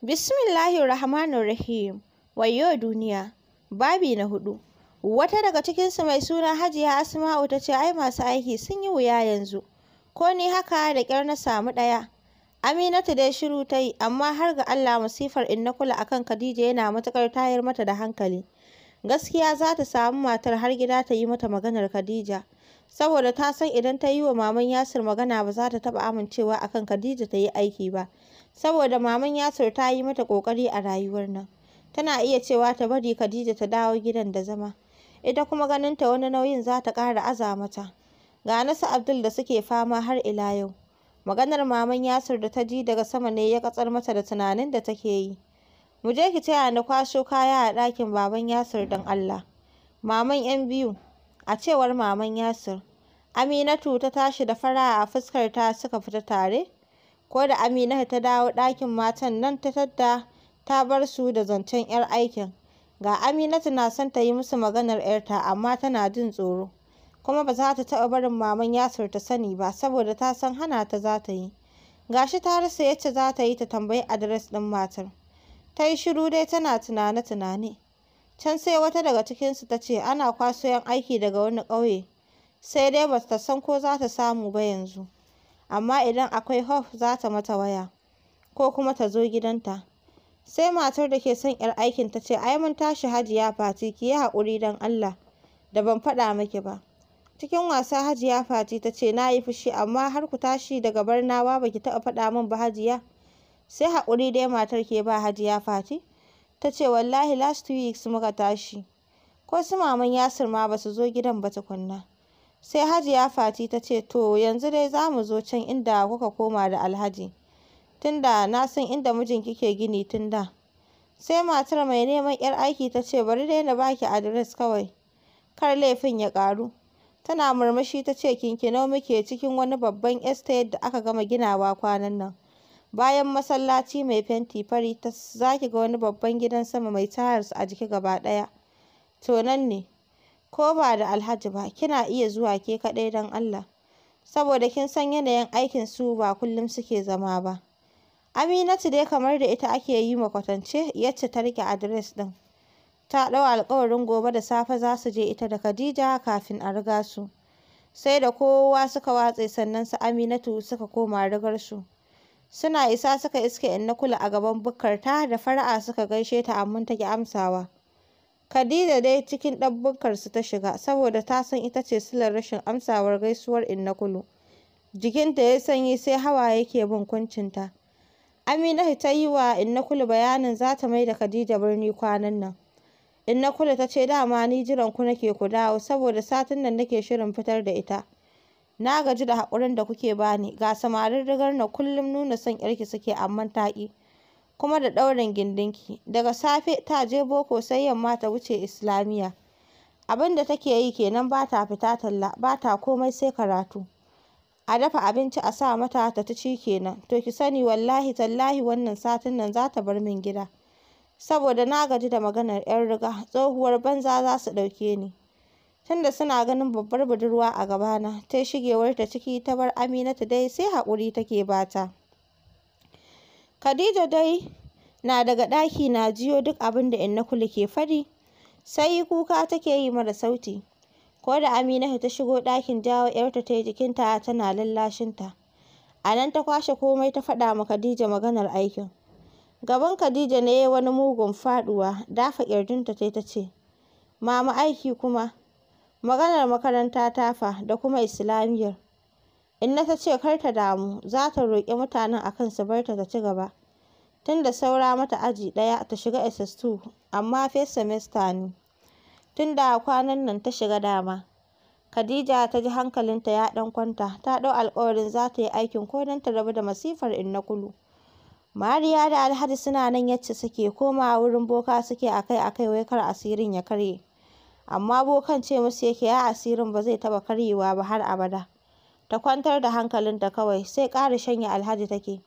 Bismillahir Rahmanir Rahim. Wayo duniya. Babi na hudu. Wata daga cikinsu mai suna Hajiya Asma'u ta ce ai masu aiki sun yi wuya yanzu. Ko ni haka da ƙyar na samu ɗaya. Aminatu dai shiru ta yi amma har ga Allah masifar in na kula akan Khadija yana matuƙar tayar mata da hankali. Gaskiya za ta samu matar har gida ta yi mata maganar Khadija. saboda ta san idan ta yi wa maman Yasir magana ba za ta taɓa amincewa akan Khadija ta yi aiki ba saboda maman Yasir ta yi mata ƙoƙari a rayuwar nan tana iya cewa ta bari Khadija ta dawo gidan da zama ita kuma ganin ta wani nauyin za ta ƙara aza mata ga nasu Abdul da suke fama har ila yau maganar maman Yasir da ta ji daga sama ne ya katsar mata da tunanin da take yi mu je ki taya na kwaso kaya a ɗakin baban Yasir don Allah maman yan biyu a cewar maman Yasir Aminatu ta tashi da fara'a a fuskarta suka fita tare. Ko da Aminatu ta dawo ɗakin matan nan ta tadda ta bar su da zancen 'yar aikin. Ga Aminatu na son ta yi musu maganar 'yarta amma tana jin tsoro. Kuma ba za ta taɓa barin maman Yasir ta sani ba saboda ta san hana ta za ta yi. Ga shi ta rasa yacce za ta yi ta tambayi adires ɗin matar. Ta yi shiru dai tana tunane-tunane. Can sai wata daga cikinsu ta ce ana kwaso 'yan aiki daga wani ƙauye. sai dai ba ta san ko za ta samu ba yanzu. Amma idan akwai hof za ta mata waya, ko kuma ta zo gidanta. Sai matar da ke son 'yar aikin ta ce, ai mun tashi Hajiya Fati ki yi haƙuri don Allah, da ban faɗa miki ba. Cikin wasa Hajiya Fati ta ce, na yi fushi amma har ku tashi daga barnawa ba ki taɓa faɗa min ba Hajiya. Sai haƙuri dai matar ke ba Hajiya Fati. Ta ce, wallahi last week muka tashi. Ko su maman Yasir ma ba su zo gidan ba tukunna. Sai Hajiya Fati ta ce, to yanzu dai za mu zo can inda kuka koma da Alhaji, tunda na san inda mijinki ke gini tun da. Sai matar mai neman 'yar aiki ta ce, bari dai na baki adires kawai, kar laifin ya ƙaru. Tana murmushi ta ce, kinkinau muke cikin wani babban estate da aka gama ginawa kwanan nan. Bayan masallaci mai fenti fari, za ki ga wani babban gidan sama mai tiles a jiki gaba ɗaya. To nan ne. ko ba da Alhaji ba, kina iya zuwa ke kaɗai don Allah, saboda kin san yanayin aikin su ba kullum suke zama ba. Aminatu dai kamar da ita ake yi ma kwatance yacce ta riƙe adires ɗin. Ta ɗau alƙawarin gobe da safe za su je ita da Khadija kafin a riga su. Sai da kowa suka watse sannan su Aminatu suka koma rigar su. Suna isa suka iske na kula a gaban bukkar ta da fara'a suka gaishe ta amma ta ki amsawa. Khadija dai cikin ɗabbukarsu ta shiga saboda ta san ita ce silar rashin amsawar gaisuwar inna kulu. Jikinta ya sanyi sai hawa yake bin kuncinta. Amina ta yi wa inna kulu bayanin za ta mai da Khadija birni kwanan nan. Inna kulu ta ce dama ni jiran ku nake ku dawo saboda satin nan nake shirin fitar da ita. Na gaji da haƙurin da kuke bani ga samarin rigar na kullum nuna son 'yarki suke amma ta ƙi. kuma da ɗaurin gindinki. Daga safe ta je boko sai yamma ta wuce islamiyya. Abin da take yi kenan ba ta fita talla, ba ta komai sai karatu. A dafa abinci a sa mata ta ci kenan. To ki sani wallahi tallahi wannan satin nan za ta bar min gida. Saboda na gaji da maganar 'yan riga, tsohuwar banza za su ɗauke ni. Tunda suna ganin babbar budurwa a gabana, ta shigewar ta ciki ta bar Aminatu dai sai haƙuri take bata. Khadija dai na daga ɗaki na jiyo duk abin da Innakulo ke faɗi, sai yi kuka take yi mara sauti. Ko da Amina ta shigo ɗakin jawo ‘yarta ta yi jikinta tana lallashinta. A nan ta kwashe komai ta faɗa ma Khadija maganar aikin. Gaban Khadija ne wani mugun faɗuwa, dafa ƙirjinta ta ta ce, Mama aiki kuma, maganar makaranta ta fa da kuma Islamiyyar. Inna ta ce kar ta damu, za ta roƙi mutanen a kan su bar ta ta ci gaba, tun da saura mata aji ɗaya ta shiga SS2, amma first semester ne, tun da kwanan nan ta shiga dama. Khadija ta ji hankalinta ya ɗan kwanta, ta ɗau alƙawarin za ta yi aikin ko don ta rabu da masifar in na Kulu. Mariya da Alhaji suna nan yacce suke komawa wurin boka suke akai-akai wai kar asirin ya karye. Amma bokan ce musu yake ya asirin ba zai taɓa karyewa ba har abada. ta kwantar da hankalinta kawai sai ƙara shanya alhaji take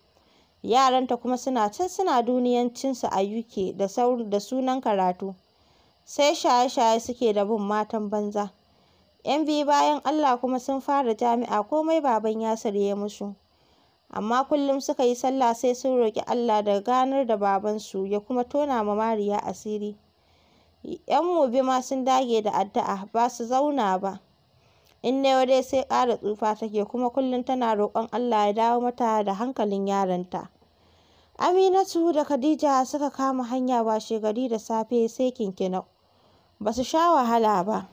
yaranta kuma suna can suna duniyancinsu a UK da da sunan karatu sai shaye-shaye suke da bin matan banza yan biyu bayan Allah kuma sun fara jami'a komai baban Yasir ya musu amma kullum suka yi sallah sai sun roƙi Allah da ganar da babansu ya kuma tona ma Mariya asiri yan mobi ma sun dage da addu'a ba su zauna ba in Neo dai sai ƙara tsufa take kuma kullum tana roƙon Allah ya dawo mata da hankalin yaronta. Aminatu da Khadija suka kama hanya ba gari da safe sai kinkina. Ba su sha wahala ba.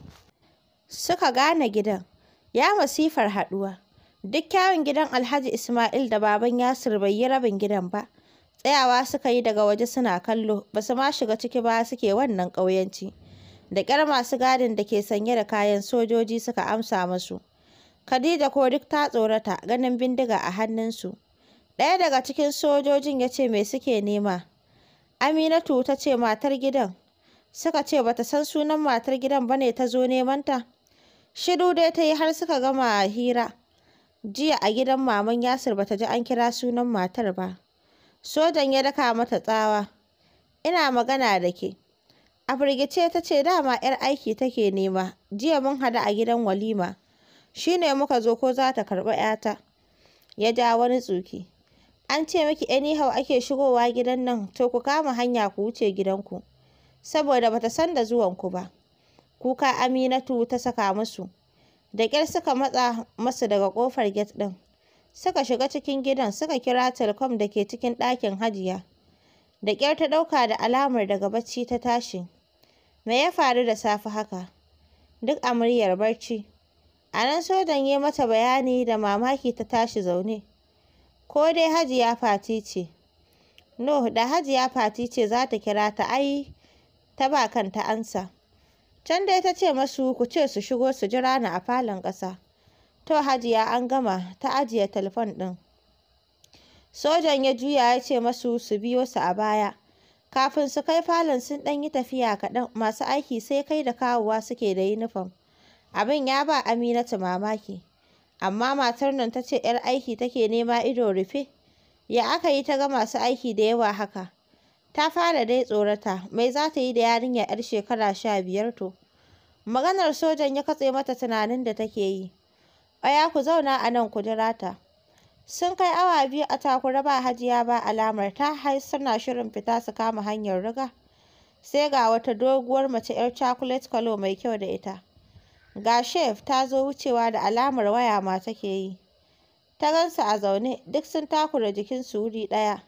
Suka gane gidan. Ya masifar haɗuwa. Duk kyawun gidan Alhaji Ismail da baban Yasir bai yi rabin gidan ba. Tsayawa suka yi daga waje suna kallo, ba su ma shiga ciki ba suke wannan ƙauyanci. da ƙyar masu gadin da ke sanye da kayan sojoji suka amsa musu. Khadija ko duk ta tsorata ganin bindiga a hannunsu. Ɗaya daga cikin sojojin ya ce me suke nema. Aminatu ta ce matar gidan. Suka ce bata san sunan matar gidan ba ne ta zo nemanta? ta. dai ta yi har suka gama hira. Jiya a gidan maman Yasir bata ji an kira sunan matar ba. Sojan ya daka mata tsawa. Ina magana da ke. A firgice ta ce dama 'yar aiki take nema, jiya mun haɗu a gidan walima, shi ne muka zo ko za ta karɓi 'yata. Ya ja wani tsuki. An ce miki anyhow ake shigowa gidan nan, to ku kama hanya ku wuce gidanku, saboda bata san da zuwanku ba. Kuka Aminatu ta saka musu. Da ƙyar suka matsa masu daga kofar get din. Suka shiga cikin gidan suka kira telecom da ke cikin ɗakin hajiya. Da kyar ta ɗauka da alamar daga bacci ta tashi. Me ya faru da safe haka? Duk a muryar barci. A nan sojan ya mata bayani da mamaki ta tashi zaune. Ko dai Hajiya Fati ce. No, da Hajiya Fati ce za ta kira ta ai ta ba kanta ansa. Can dai ta ce masu ku ce su shigo su jira ni a falon ƙasa. To Hajiya an gama ta ajiye telefon ɗin. Sojan ya juya ya ce masu su biyo su a baya. Kafin su kai falon sun ɗan yi tafiya kaɗan masu aiki sai kai da kawowa suke da yunifom. Abin ya ba Aminatu mamaki. Amma matar nan ta ce 'yar aiki take nema ido rufe. Ya aka yi ta ga masu aiki da yawa haka? Ta fara dai tsorata, mai za ta yi da yarinya 'yar shekara sha biyar to? Maganar sojan ya katse mata tunanin da take yi. Aya ku zauna a nan ku jira ta. Sun kai awa biyu a takura ba hajiya ba alamar ta har suna shirin fita su kama hanyar riga. Sai ga wata doguwar mace 'yar chocolate color mai kyau da ita. Ga chef ta zo wucewa da alamar waya ma take yi. Ta gansu a zaune duk sun takura jikin su wuri ɗaya.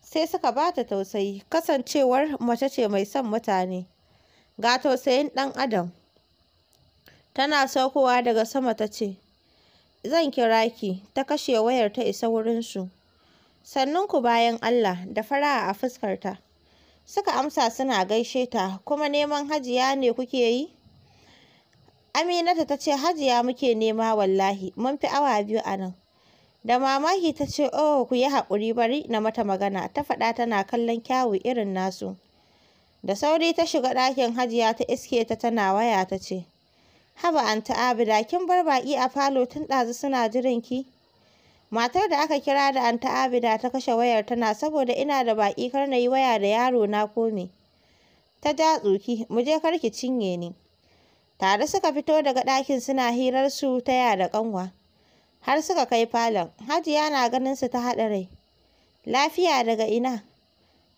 Sai suka ba ta tausayi kasancewar mace ce mai son mutane. Ga tausayin dan adam. Tana saukowa daga sama ta ce, zan kira ki ta kashe wayar ta isa wurinsu sannunku bayan Allah da fara a fuskarta suka amsa suna gaishe ta kuma neman hajiya ne kuke yi Aminata ta ce hajiya muke nema wallahi mun fi awa biyu a nan da mamaki ta ce oh ku yi haƙuri bari na mata magana ta faɗa tana kallon kyawu irin nasu da sauri ta shiga ɗakin hajiya ta iske ta tana waya ta ce Haba Anta Abida, kin bar baƙi a falo tun ɗazu suna jiran ki? Matar da aka kira da Anta Abida ta kashe wayar tana saboda ina da baƙi kar nayi waya da yaro na ko me. Ta ja tsoki, mu je kar ki cinye ni. Tare suka fito daga ɗakin suna hirar su ta ya da ƙanwa. Har suka kai falon, Hajiya na ganin su ta haɗa rai. Lafiya daga ina?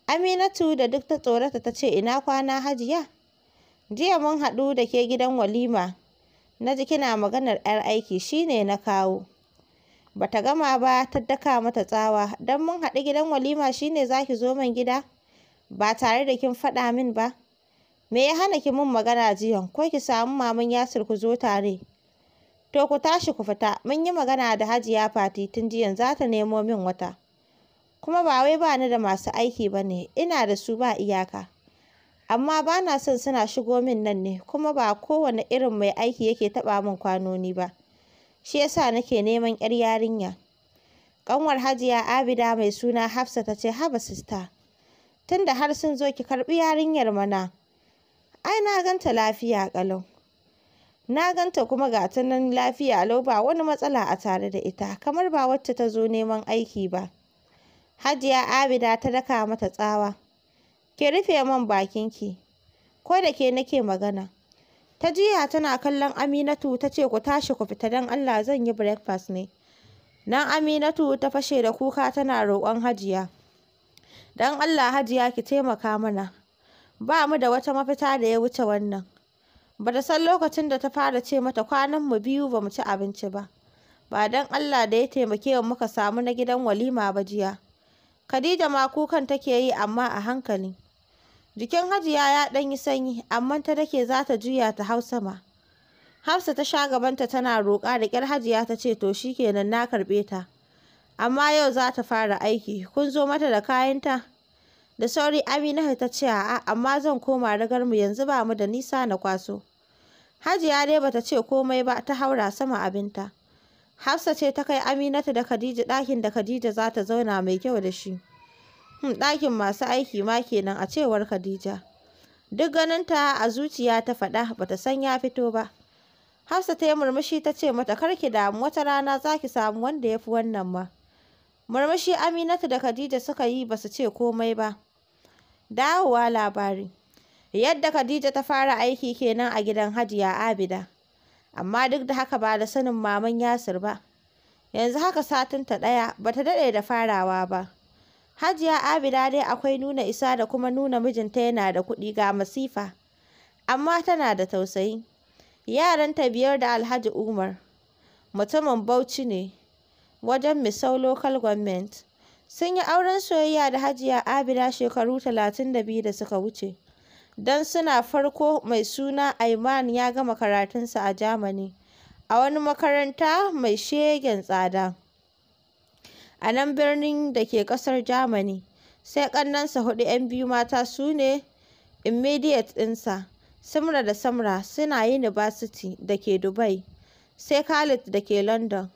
Aminatu da duk ta tsorata ta ce ina kwana Hajiya? Jiya mun haɗu da ke gidan walima. na ji kina maganar 'yar aiki shine na kawo bata gama ba ta daka mata tsawa don mun haɗu gidan walima shine zaki zo min gida ba tare da kin faɗa min ba me ya hana ki mun magana jiya ko ki samu maman yasir ku zo tare to ku tashi ku fita mun yi magana da hajiya fati tun jiya, za ta nemo min wata kuma ba wai ba ni da masu aiki ba ne ina da su ba iyaka amma ba na son suna shigo min nan ne kuma ba kowane irin mai aiki yake taɓa min kwanoni ba shi yasa nake neman 'yar yarinya ƙanwar hajiya abida mai suna hafsa ta ce haba sista tunda har sun zo ki karɓi yarinyar mana ai na ganta lafiya ƙalau na ganta kuma ga ta nan lafiya lau ba wani matsala a tare da ita kamar ba wacce ta zo neman aiki ba hajiya abida ta daka mata tsawa Ki rufe man bakinki. Ko da ke nake magana. Ta jiya tana kallon Aminatu ta ce ku tashi ku fita don Allah zan yi breakfast ne. Nan Aminatu ta fashe da kuka tana roƙon Hajiya. Don Allah Hajiya ki taimaka mana. Ba mu da wata mafita da ya wuce wannan. Ba ta san lokacin da ta fara ce mata kwanan mu biyu ba mu ci abinci ba. Ba don Allah da ya taimake wa muka samu na gidan walima ba jiya. Khadija ma kukan take yi amma a hankali. Jikin Hajiya ya ɗan yi sanyi, amma ta dake za ta juya ta hau sama. Hafsa ta sha gabanta tana roƙa da ƙyar Hajiya ta ce to shi kenan na karɓe ta. Amma yau za ta fara aiki, kun zo mata da kayanta? Da sauri Amina ta ce a'a amma zan koma ragar mu yanzu ba mu da nisa na kwaso. Hajiya dai bata ce komai ba ta haura sama abinta. Hafsa ce ta kai Aminatu da Khadija ɗakin da Khadija za ta zauna mai kyau da shi. Hmm, ɗakin masu aiki ma kenan a cewar Khadija. Duk ganin ta, a zuciya ta faɗa bata san ya fito ba. Hafsa ta yi murmushi ta ce mata kar ki damu wata rana za ki samu wanda ya fi wannan ma. Murmushi Aminatu da Khadija suka yi basu ce komai ba. Dawowa labari. Yadda Khadija ta fara aiki kenan a gidan Hajiya Abida. Amma duk da haka ba da sanin maman Yasir ba. Yanzu haka satinta ɗaya bata daɗe da farawa ba. Hajiya Abida dai akwai nuna isa da kuma nuna mijinta yana da kuɗi ga masifa, amma tana da tausayi. Yaranta biyar da Alhaji Umar, mutumin Bauchi ne, wajen Misau Local Government. Sun yi auren soyayya da Hajiya Abida shekaru 32 da suka wuce, don suna farko mai suna aiman ya gama karatunsa a Jamani, a wani makaranta mai shegen tsada. a nan birnin da ke ƙasar Germany. Sai ƙannensa hudu 'yan biyu mata su ne immediate ɗinsa, Simra da Samra suna University da ke Dubai, sai Khalid da ke London,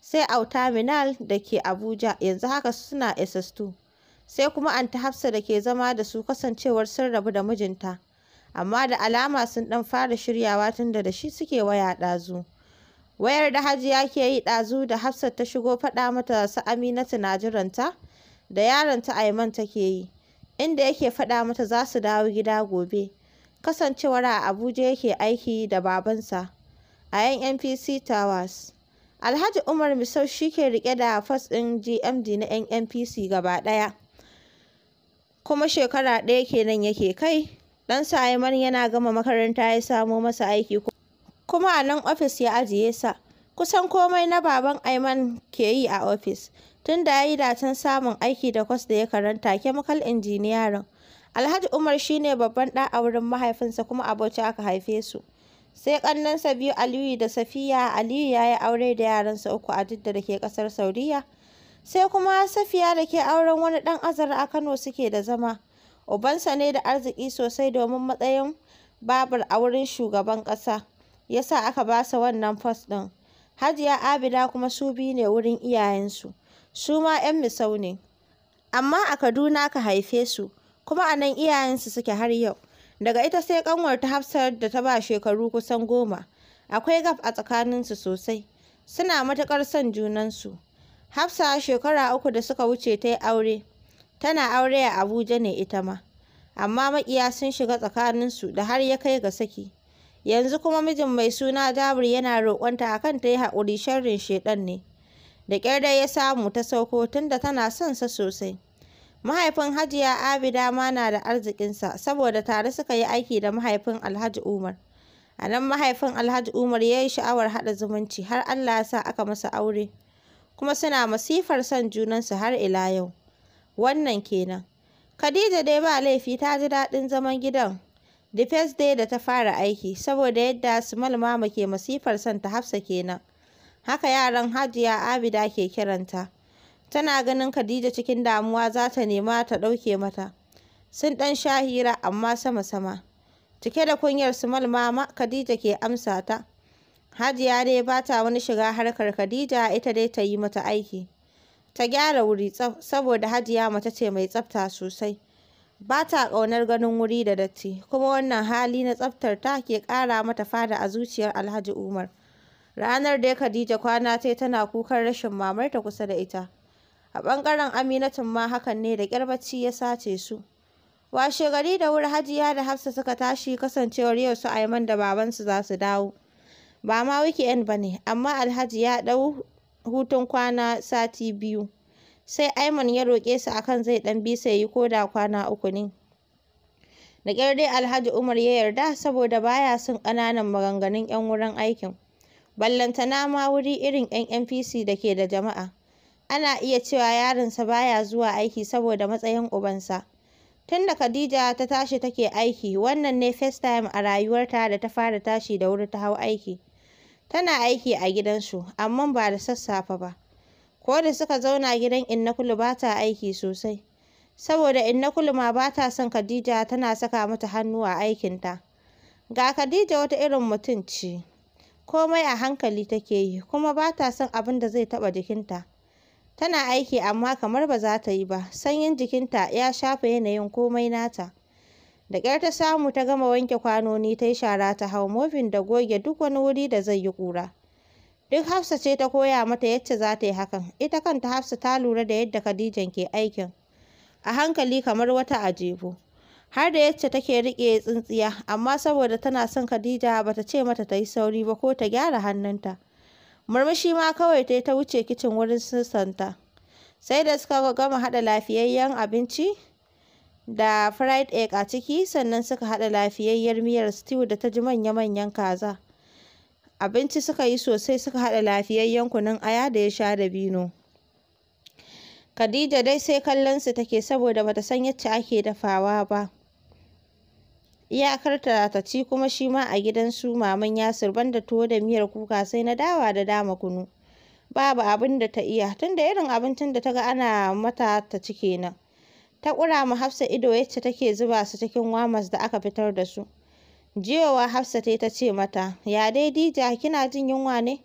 sai Autaminal da ke Abuja yanzu haka suna SS2. Sai kuma Anta Hafsa da ke zama da su kasancewar sun rabu da mijinta. Amma da alama sun ɗan fara shiryawa tunda da shi suke waya ɗazu. wayar da hajiya ke yi ɗazu da hafsat ta shigo faɗa mata su aminatu na jiranta da ta aiman take yi inda yake faɗa mata za su dawo gida gobe kasancewar a abuja yake aiki da babansa a yan npc towers alhaji umar misau shi ke rike da fas ɗin gmd na yan npc gaba ɗaya kuma shekara ɗaya kenan yake kai ɗansa aiman yana gama makaranta ya samo masa aiki kuma a nan ofis ya ajiye sa. Kusan komai na baban Aiman ke yi a ofis, tun da ya yi datan samun aiki da kwas da ya karanta chemical injiniyarin. Alhaji Umar shine babban ɗan a wurin mahaifinsa kuma abocin aka haife su. Sai ƙannensa biyu Aliyu da Safiya, Aliyu ya yi aure da yaransa uku a duk da ke ƙasar Saudiya. Sai kuma Safiya da ke auren wani ɗan azara a Kano suke da zama. Ubansa ne da arziki sosai domin matsayin babur a wurin shugaban ƙasa. ya sa aka ba sa wannan fos ɗin. Hajiya Abida kuma su biyu ne wurin iyayensu, su ma 'yan misau ne. Amma a Kaduna ka haife su, kuma a nan iyayensu suke har yau. Daga ita sai ƙanwar ta hafsar da ta ba shekaru kusan goma. Akwai gaf a tsakaninsu sosai, suna matuƙar son junansu. Hafsa shekara uku da suka wuce ta yi aure, tana aure a Abuja ne ita ma. amma maƙiya sun shiga tsakaninsu da har ya kai ga saki yanzu kuma mijin mai suna Dabir yana roƙonta akan ta yi haƙuri sharrin shaiɗan ne da ƙyar dai ya samu ta sauko tunda tana son sa sosai mahaifin Hajiya Abida ma na da arzikinsa saboda tare suka yi aiki da mahaifin Alhaji Umar a nan mahaifin Alhaji Umar ya yi sha'awar haɗa zumunci har Allah ya sa aka masa aure kuma suna masifar son junansu har ila yau wannan kenan Khadija dai ba laifi ta ji daɗin zaman gidan The first day da ta fara aiki, saboda yadda Sumal Mama ke masifar son ta Hafsa kenan. Haka yaran Hajiya Abida ke kiranta. Tana ganin Khadija cikin damuwa za ta nema ta ɗauke mata. Sun ɗan sha hira amma sama-sama. Cike da kunyar Sumal Mama, Khadija ke amsa ta. Hajiya dai ba ta wani shiga harkar Khadija ita dai ta yi mata aiki. Ta gyara wuri tsaf saboda Hajiya mace ce mai tsafta sosai. ba ta ƙaunar ganin wuri da datti kuma wannan hali na tsaftar ta ke ƙara mata fada a zuciyar Alhaji Umar. Ranar da ya Khadija kwana ta tana kukan rashin mamarta kusa da ita. A ɓangaren Aminatun ma hakan ne da ƙyar ya sace su. Washe gari da wuri Hajiya da Hafsa suka tashi kasancewar yau su Aiman da babansu za su dawo. Ba ma weekend ba ne, amma Alhaji ya ɗau hutun kwana sati biyu. sai Aiman ya roƙe su akan zai ɗan bi sai yi ko da kwana uku ne. Da ƙyar dai Alhaji Umar ya yarda saboda baya son ƙananan maganganun 'yan wurin aikin. Ballantana ma wuri irin 'yan NPC da ke da jama'a. Ana iya cewa yarinsa baya zuwa aiki saboda matsayin ubansa. Tun da Khadija ta tashi take aiki, wannan ne first time a rayuwarta da ta fara tashi da wuri ta hau aiki. Tana aiki a gidansu, amma ba da sassafe ba. ko da suka zauna gidan Innakulu ba ta aiki sosai saboda Innakulu ma ba ta son Khadija tana saka mata hannu a aikinta ga Khadija wata irin mutum ce komai a hankali take yi kuma ba ta son abin da zai taɓa jikinta tana aiki amma kamar ba za ta yi ba sanyin jikinta ya shafe yanayin komai nata da ƙyar ta samu ta gama wanke kwanoni ta yi shara ta hau mofin da goge duk wani wuri da zai yi ƙura Duk Hafsa ce ta koya mata yadda za ta yi hakan. Ita kanta Hafsa ta lura da yadda Khadijan ke aikin. A hankali kamar wata ajebu. Har da yacce take riƙe tsintsiya, amma saboda tana son Khadija bata ce mata ta yi sauri ba ko ta gyara hannunta. Murmushi ma kawai ta yi ta wuce kicin wurin sunsanta Sai da suka gama haɗa lafiyayyen abinci da fried egg a ciki, sannan suka haɗa lafiyayyar miyar stew da ta ji manya-manyan kaza. abinci suka yi sosai suka haɗa lafiyayyen kunun aya da ya sha da bino Khadija dai sai kallon take saboda bata san yadda ake dafawa ba iyakar ta ci kuma shi ma a gidan su maman Yasir da tuwo da miyar kuka sai na dawa da dama kunu babu abin da ta iya tunda irin abincin da ta ga ana mata ta ci kenan ta ƙura ma Hafsa ido yacce take zuba su cikin wamas da aka fitar da su jiyowa Hafsat ta ce mata, "Ya dai Dija, kina jin yunwa ne?"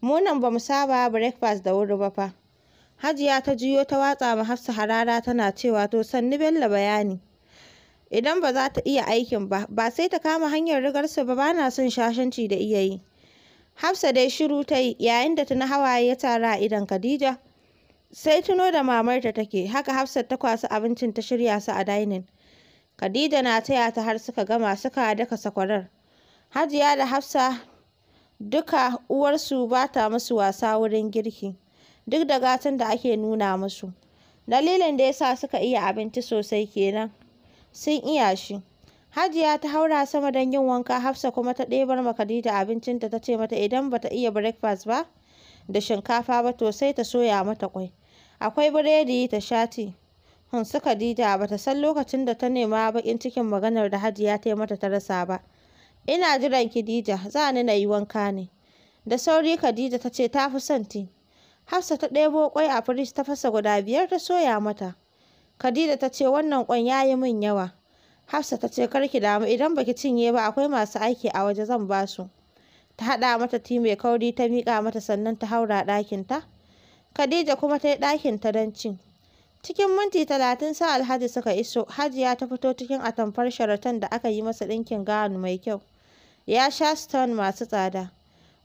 Mu nan ba mu saba breakfast da wuri ba fa. Hajiya ta juyo ta watsa ma Hafsa harara tana cewa to sannu Bello bayani. Idan ba za ta iya aikin ba, ba sai ta kama hanyar rigarsa ba na son shashanci da iya yi. Hafsa dai shiru ta yi yayin da tuna hawaye ya tara a idan Khadija. Sai tuno da mamarta take, haka Hafsat ta kwasa abincin ta shirya su a dining. Khadija na taya ta har suka gama suka daka sakwarar. Hajiya da Hafsa duka uwarsu ba ta musu wasa wurin girki, duk da gatan da ake nuna musu. Dalilin da ya sa suka iya abinci sosai kenan, sun iya shi. Hajiya ta haura sama don yin wanka Hafsa kuma ta ɗebar ma Khadija abincin da ta ce mata idan bata iya breakfast ba da shinkafa ba to sai ta soya mata kwai. Akwai biredi ta shati. Hansu Khadija ba ta san lokacin da ta nema baƙin cikin maganar da Hajiya ta yi mata ta rasa ba. Ina jiran Khadija, za ni na yi wanka ne. Da sauri Khadija ta ce ta fi son ti. Hafsa ta ɗebo ƙwai a firij ta fasa guda biyar ta soya mata. Khadija ta ce wannan ƙwan ya yi min yawa. Hafsa ta ce kar ki damu idan baki cinye ba akwai masu aiki a waje zan ba su. Ta haɗa mata ti mai kauri ta miƙa mata sannan ta haura ɗakinta. Khadija kuma ta yi ɗakinta don cin. Cikin minti talatin sa Alhaji suka iso, Hajiya ta fito cikin atamfar sharatan da aka yi masa ɗinkin gawan mai kyau. Ya sha stone masu tsada.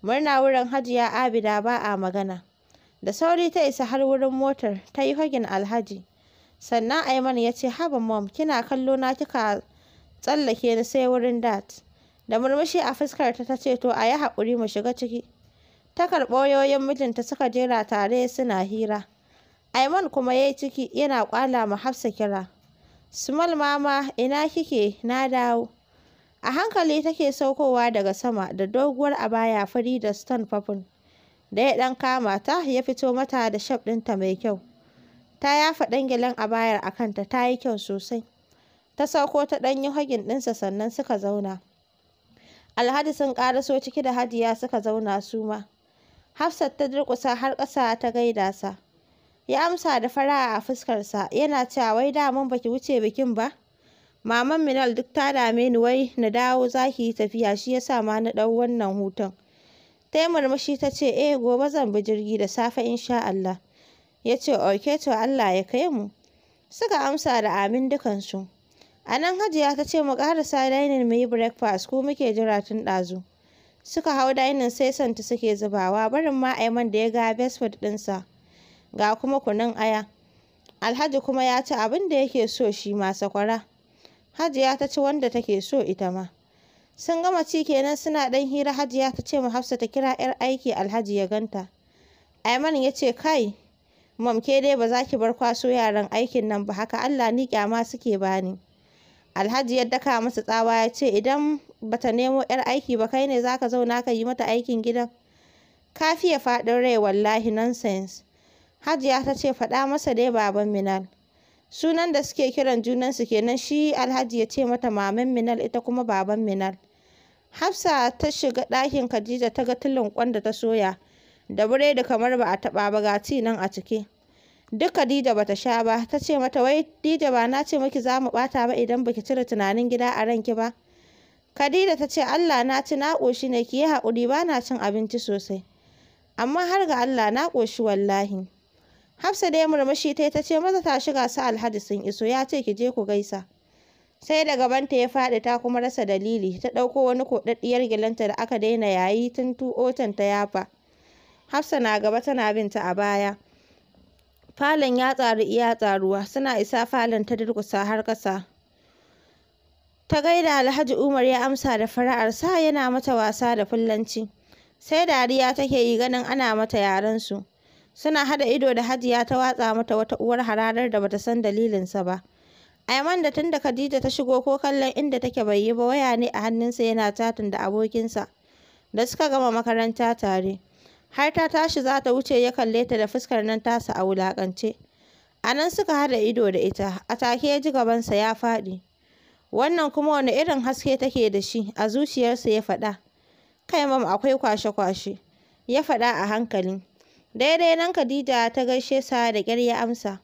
Murna wurin Hajiya Abida ba a magana. Da sauri ta isa har wurin motar, ta yi hagin Alhaji. Sannan Aiman ya ce, Haba mom, kina kallo na kika tsallake ni sai wurin dat. Da murmushi a fuskarta ta ce, To a yi haƙuri mu shiga ciki. Ta karɓo yoyin mijinta suka jera tare suna hira. Aiman kuma ya yi ciki yana ƙwala ma Hafsa kira. Sumal mama ina kike na dawo. A hankali take saukowa daga sama da doguwar abaya fari da stone purple. Da ya ɗan kama ta ya fito mata da shaf ɗinta mai kyau. Ta yafa ɗan abayar a a kanta ta yi kyau sosai. Ta sauko ta ɗan yi hagin ɗinsa sannan suka zauna. Alhaji sun ƙaraso ciki da Hajiya suka zauna su ma. Hafsat ta durƙusa har ƙasa ta gaida sa. ya amsa da fara'a a fuskarsa yana cewa wai daman baki wuce bikin ba maman minal duk ta dame ni wai na dawo zaki tafiya shi yasa ma na ɗau wannan hutun ta murmushi ta ce eh gobe zan bi jirgi da safe insha Allah ya ce oke to Allah ya kai mu suka amsa da amin dukansu a nan hajiya ta ce mu karasa dainin mu yi breakfast ko muke jira tun ɗazu suka hau dainin sai santa suke zubawa barin ma Aiman da ya ga best food ɗinsa ga kuma kunun aya alhaji kuma ya ci abin da yake so shi ma sakwara hajiya ta ci wanda take so ita ma sun gama ci kenan suna ɗan hira hajiya ta ce mu hafsa ta kira 'yar aiki alhaji ya ganta aiman ya ce kai mamke dai ba za ki bar kwaso yaran aikin nan ba haka allah ni kyama suke bani alhaji ya daka masa tsawa ya ce idan bata nemo 'yar aiki ba kai ne za ka zauna ka yi mata aikin gidan ka fiye faɗin rai wallahi nonsense Hajiya ta ce faɗa masa dai baban Minal. Sunan da suke kiran junansu kenan shi Alhaji ya ce mata maman Minal ita kuma baban Minal. Hafsa ta shiga ɗakin Khadija ta ga tulin kwan da ta soya da biredi kamar ba a taɓa ba ga ci nan a ciki. Duk Khadija bata sha ba ta ce mata wai Dija ba na ce miki za mu ɓata ba idan baki cire tunanin gida a ranki ba. Khadija ta ce Allah na ci na ƙoshi ne ki yi haƙuri ba na cin abinci sosai. Amma har ga Allah na ƙoshi wallahi. Hafsa dai murmushi ta yi ta ce maza ta shiga su Alhaji sun iso ya ce ki je ku gaisa. Sai da gabanta ya faɗi ta kuma rasa dalili ta ɗauko wani koɗaɗɗiyar gilanta da aka daina yayi tun tu'otan ta yafa. Hafsa na gaba tana bin ta a baya. Falon ya tsaru iya tsaruwa suna isa falon ta durƙusa har ƙasa. Ta gaida Alhaji Umar ya amsa da fara'ar fara'arsa yana mata wasa da fullanci. Sai dariya take yi ganin ana mata yarensu. su. Suna hada ido da Hajiya ta watsa mata wata uwar hararar da bata san dalilinsa ba. Aiman da tunda Khadija ta shigo ko kallon inda take bai yi ba waya ne a hannunsa yana tatin da abokinsa da suka gama makaranta tare. Har ta tashi za ta wuce ya kalle ta da fuskar nan tasa a wulakance. A nan suka hada ido da ita, a take ya ji gabansa ya faɗi. Wannan kuma wani irin haske take da shi a zuciyarsa ya faɗa. Kai mam akwai kwashe-kwashe, ya faɗa a hankali. Daidai nan Khadija ta gaishe sa da ƙyar ya amsa.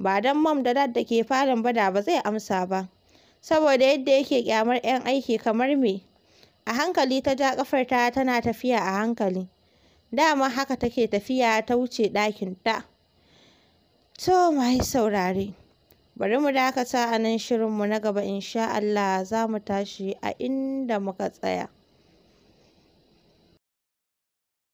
Ba don mom da dad da ke falon ba da ba zai amsa ba. Saboda yadda yake kyamar 'yan aiki kamar me. A hankali ta ja ƙafarta tana tafiya a hankali. Dama haka take tafiya ta wuce ɗakinta. To mai saurare. Bari mu dakata a nan shirinmu na gaba insha Allah za mu tashi a inda muka tsaya.